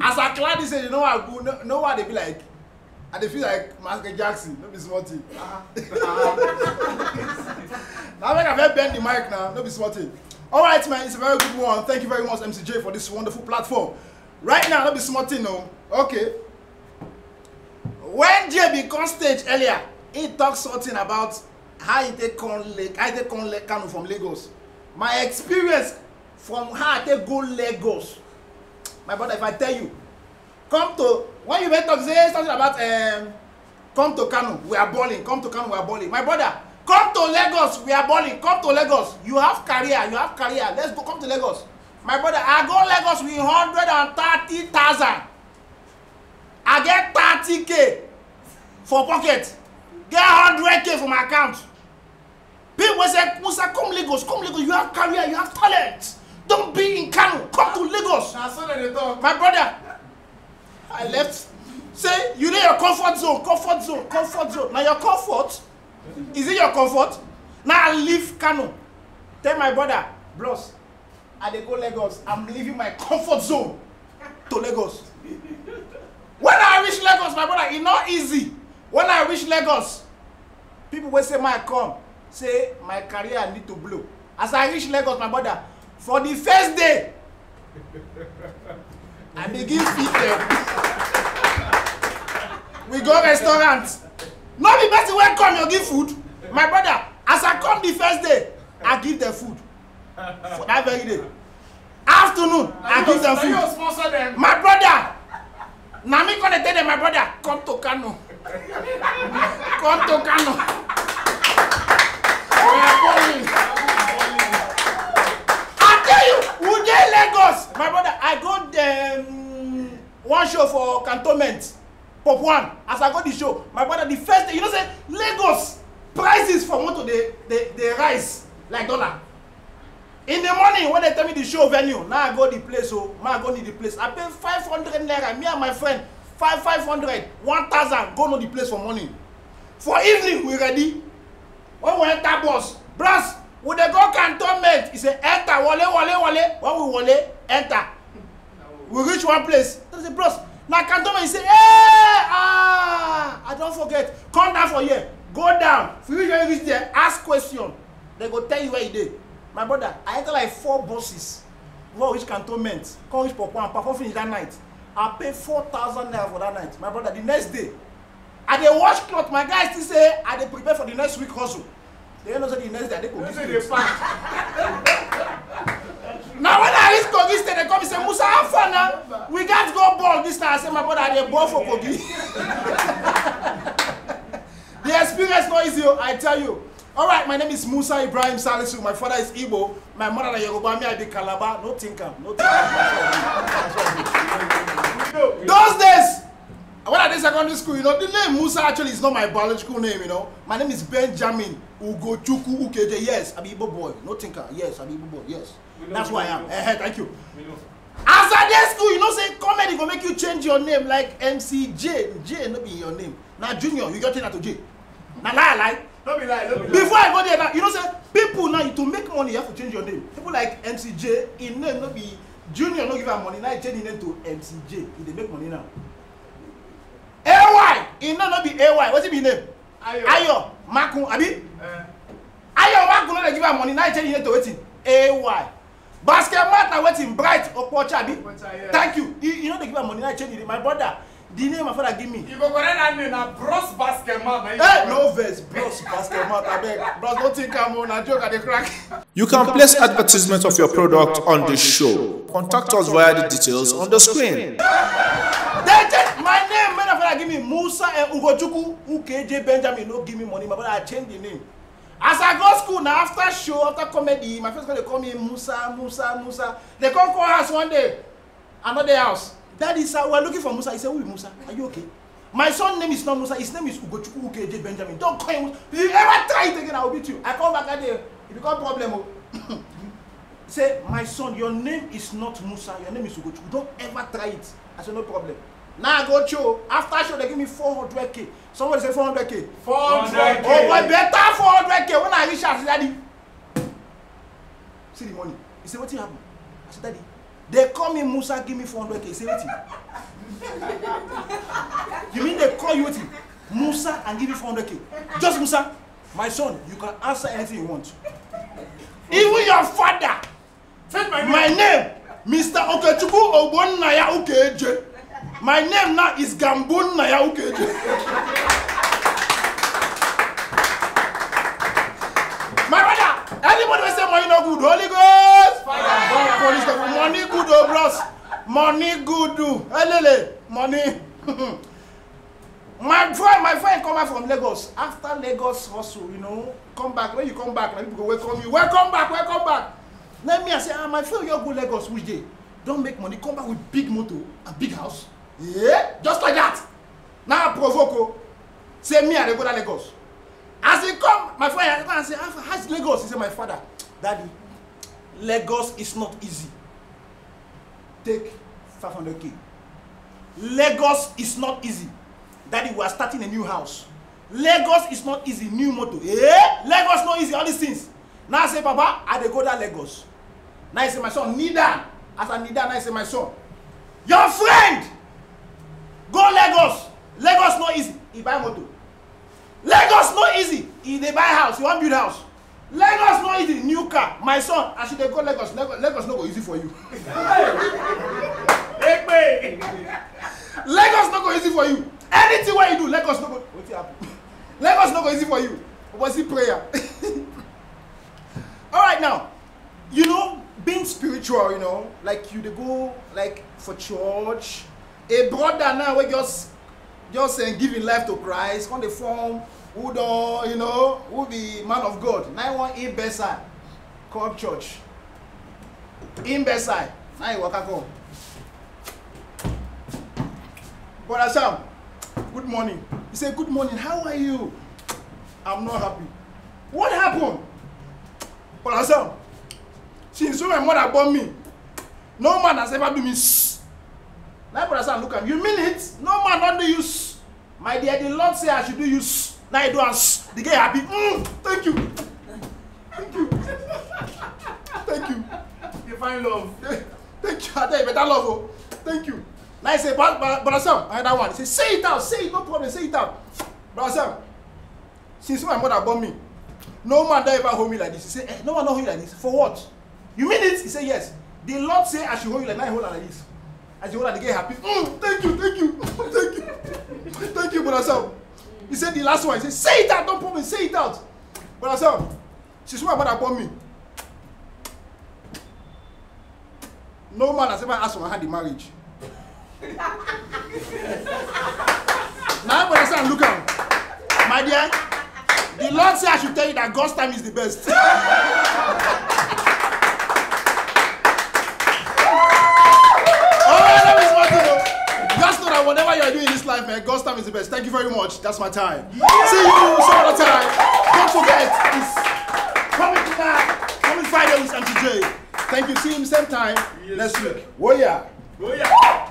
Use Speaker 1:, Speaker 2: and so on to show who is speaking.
Speaker 1: as i climb this age you know i go know, know why i dey be like i dey feel like michael jackson no be small thing uh-huh. uh-huh. na make i first bend the mic na no be small thing all right man it's a very good one thank you very much mcj for this wonderful platform right now no be small thing o no. okay when JB come stage earlier he talk something about how he take come lake how he take come lake kano from lagos my experience from how i take go lagos my brother if i tell you come to when you make talk say something about um, come to kano we are balling come to kano we are balling my brother come to lagos we are balling come to lagos you have career you have career let's go come to lagos my brother i go lagos with hundred and thirty thousand i get thirty k for pocket get hundred k for my account people wey say musa come lagos come lagos you have career you have talent Don't be in Kano. Come to Lagos. My brother, I left. Say, you know your comfort zone, comfort zone, comfort zone. Now your comfort, is it your comfort? Now I leave Kano. Tell my brother, bros, I dey go Lagos. I'm leaving my comfort zone to Lagos. When I reach Lagos, my brother, e not easy. When I reach Lagos, people wey say my come say my career need to blow. As I reach Lagos, my brother, for the first day i begin feed them. we go restaurant no be person wey come you give food my brother as i come the first day i give dem food for that very day afternoon na i give dem food my brother na me come dey tell dem my brother come to kano come to kano. one show for cantonment pop one as i go the show my brother the first day you know say lagos prices for motor dey dey dey rise like dollar in the morning when they tell me the show venue now i go the place o oh, ma go need the place i pay five hundred naira me and my friend five five hundred one thousand go know the place for morning for evening we ready when we enter bus bros we dey go cantonment he say enter wale wale wale when we wale enter we reach one place I say bros na cantonment he say hey eh, ah I don't forget come down for here go down if you reach there ask question They go tell you where he dey my brother I enter like four buses before which cantonment come which papa and papa finish that night I pay four thousand naira for that night my brother the next day I dey wash cloth my guy still say I dey prepare for the next week hustle they know say the next day I dey Kogi state. na when I reach Kogi state they come me say Musa have fun now we gats go ball this time I say my brother they ball for kogi the experience no easy oh, i tell you All right, my name is musa ibrahim salisu my father is igbo my mother is yoruba me i be calabar no thinker, no thinker. those days when i dey secondary school you know the name musa actually is not my biological name you know my name is benjamin Ugochuku ukeje yes i be igbo boy no thinker. yes i be igbo boy yes that's who i am eh, thank you as i dey school you know say comedy go make you change your name like mc j j no be your name na junior you just change am to j na lie lie no be lie no be lie before i go there now you know say people now to make money you have to change your name people like mc j im name no be junior no give am money now he change im name to mc j e dey make money now ay im name no be ay wetin be im name ayo makun abi eh. ayo makun no dey give am money now he change im name to wetin ay basket mat na wetin bright okpocha abi thank you you, you no dey give am money na change it my brother the name my father give me. you go correct that name na bros basket mat na hey, no vex bros basket mat abeg bros no think am o na joke i dey crack. you can place advertisement of your product on this show contact us via the details on the screen. dey change my name my father give me musa ugochukwu ukeje benjamin no give me money my brother i change the name as i go school now, after show after comedy my friends come dey call me musa musa musa they come call house one day another house daddy sir we are looking for musa he said, who be musa are you okay my son name is not musa his name is ugochukwu ukeje benjamin Don't call him if you ever try it again i will beat you i come back that day e become problem o oh. say my son your name is not musa your name is ugochukwu Don't ever try it i said, no problem Now I go show. After show, they give me 400k. Somebody say 400k. 400k. Oh, boy, better 400k. When I reach out, daddy. See the money. He said, what happened? I said, daddy. They call me Musa, give me 400k. He said, what You mean they call you what Musa and give you 400k? Just Musa. My son, you can answer anything you want. Even your father. My name, My name, Mr. Okechukwu Ogbonnaya Okeje. My name now is Gambon Nayaukeju. My brother, anybody will say money no good. Holy Ghost! Police, money good, oh bros. Money good, oh. elele, money. my friend, my friend come back from Lagos. After Lagos hustle, you know, come back. When you come back, people go welcome you. Welcome back, welcome back. Let me I say, ah, my friend, you go Lagos which day? Don't make money. Come back with big motor, a big house yeah just like that Now I provoke o say me i dey go to lagos as he come my father come and say ah, how is lagos he say my father daddy lagos is not easy take five hundred k lagos is not easy daddy we are starting a new house lagos is not easy new motto. eh lagos not easy all these things now i say papa i dey go to lagos now I say my son Nida, as i kneel now I say my son your friend go lagos lagos no easy he buy motor lagos no easy he dey buy house he wan build house lagos no easy new car my son as you dey go lagos lagos, lagos no go easy for you epe lagos no go easy for you anything wey you do lagos no go wetin happen lagos no go easy for you obosi prayer All right now you know being spiritual you know like you dey go like for church a brother now wey just just uh, give him life to christ come dey form who don you know who be man of god na him wan in bedside come church in bedside na him waka come brother sam good morning he say good morning how are you i'm not happy what happen brother sam since when my mother born me no man has ever do me so na brother sam look am you mean it no man don do use my dear the lord say i should do use Now he do am the girl happy mm, thank you thank you thank you you find love thank you I tell you better love Oh, thank you Now I say but brother sam that one he say say it out say it no problem say it out brother sam since my mother born me no man don ever hold me like this he say eh no one don hold you like this for what you mean it he say yes the lord say i should hold you like that i hold her like this As said, what are the guy happy? oh thank you, thank you, thank you, thank you, brother Sam. He said the last one. He said, say it out, don't put me, say it out. Brother Sam, she's my mother upon me. No man has ever asked for my hand in marriage. now, brother Sam, look at My dear, the Lord say I should tell you that God's time is the best. life, man. Eh? God's time is the best. Thank you very much. That's my time. Yeah. See you some other time. Don't forget, it's coming tonight, coming Friday with Auntie J. Thank you. See you same time yes, look. Oh yeah. Oh yeah.